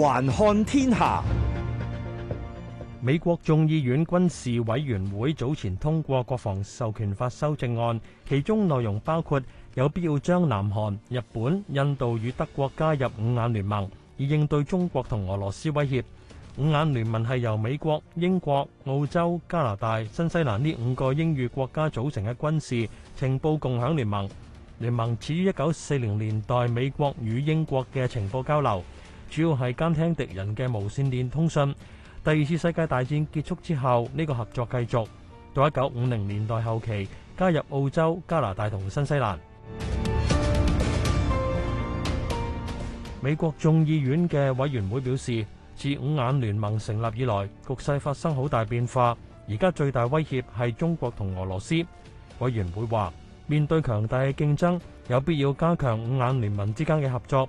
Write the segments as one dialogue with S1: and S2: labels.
S1: 環看天下，美國眾議院軍事委員會早前通過國防授權法修正案，其中內容包括有必要將南韓、日本、印度與德國加入五眼聯盟，以應對中國同俄羅斯威脅。五眼聯盟係由美國、英國、澳洲、加拿大、新西蘭呢五個英語國家組成嘅軍事情報共享聯盟。聯盟始於一九四零年代美國與英國嘅情報交流。主要係監聽敵人嘅無線電通訊。第二次世界大戰結束之後，呢個合作繼續到一九五零年代後期，加入澳洲、加拿大同新西蘭。 美國眾議院嘅委員會表示，自五眼聯盟成立以來，局勢發生好大變化。而家最大威脅係中國同俄羅斯。委員會話，面對強大嘅競爭，有必要加強五眼聯盟之間嘅合作。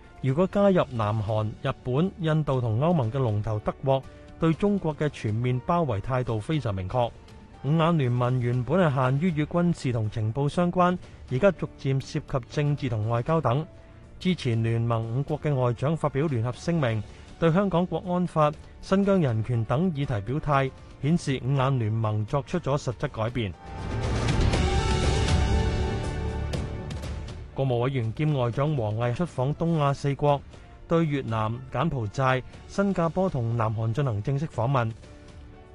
S1: 如果加入南韓、日本、印度同歐盟嘅龍頭德國，對中國嘅全面包圍態度非常明確。五眼聯盟原本係限於與軍事同情報相關，而家逐漸涉及政治同外交等。之前聯盟五國嘅外長發表聯合聲明，對香港國安法、新疆人權等議題表態，顯示五眼聯盟作出咗實質改變。國務委員兼外長王毅出訪東亞四國，對越南、柬埔寨、新加坡同南韓進行正式訪問。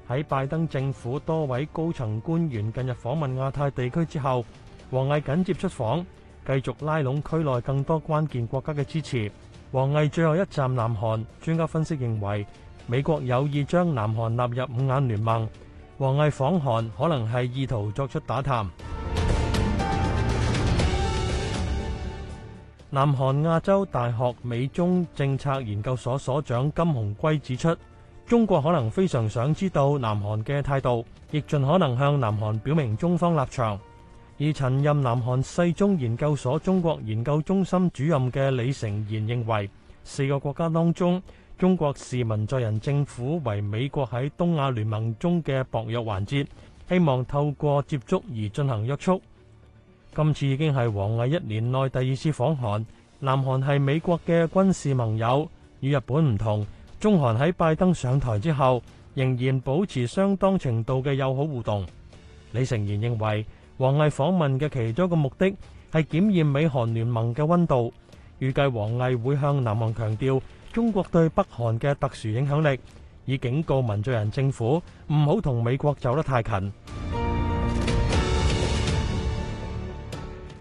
S1: 喺拜登政府多位高層官員近日訪問亞太地區之後，王毅緊接出訪，繼續拉攏區內更多關鍵國家嘅支持。王毅最後一站南韓，專家分析認為，美國有意將南韓納入五眼聯盟。王毅訪韓可能係意圖作出打探。南韓亜洲大學美中政策研究所所長金鴻圭指出，中國可能非常想知道南韓嘅態度，亦盡可能向南韓表明中方立場。而曾任南韓世宗研究所中國研究中心主任嘅李成賢認為，四個國家當中，中國視文在寅政府為美國喺東亞聯盟中嘅薄弱環節，希望透過接觸而進行約束。今次已經係王毅一年內第二次訪韓，南韓係美國嘅軍事盟友，與日本唔同。中韓喺拜登上台之後，仍然保持相當程度嘅友好互動。李成賢認為，王毅訪問嘅其中一個目的係檢驗美韓聯盟嘅温度，預計王毅會向南韓強調中國對北韓嘅特殊影響力，以警告文在寅政府唔好同美國走得太近。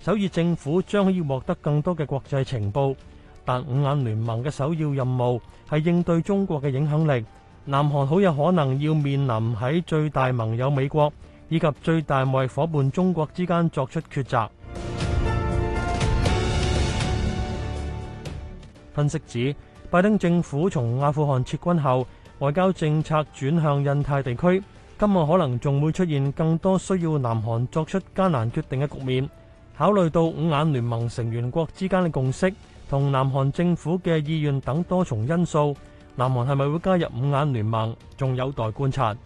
S1: 首爾政府將可以獲得更多嘅國際情報，但五眼聯盟嘅首要任務係應對中國嘅影響力。南韓好有可能要面臨喺最大盟友美國以及最大貿易伙伴中國之間作出抉擇。分析指，拜登政府從阿富汗撤軍後，外交政策轉向印太地區，今後可能仲會出現更多需要南韓作出艱難決定嘅局面。考慮到五眼聯盟成員國之間嘅共識同南韓政府嘅意願等多重因素，南韓係咪會加入五眼聯盟，仲有待觀察。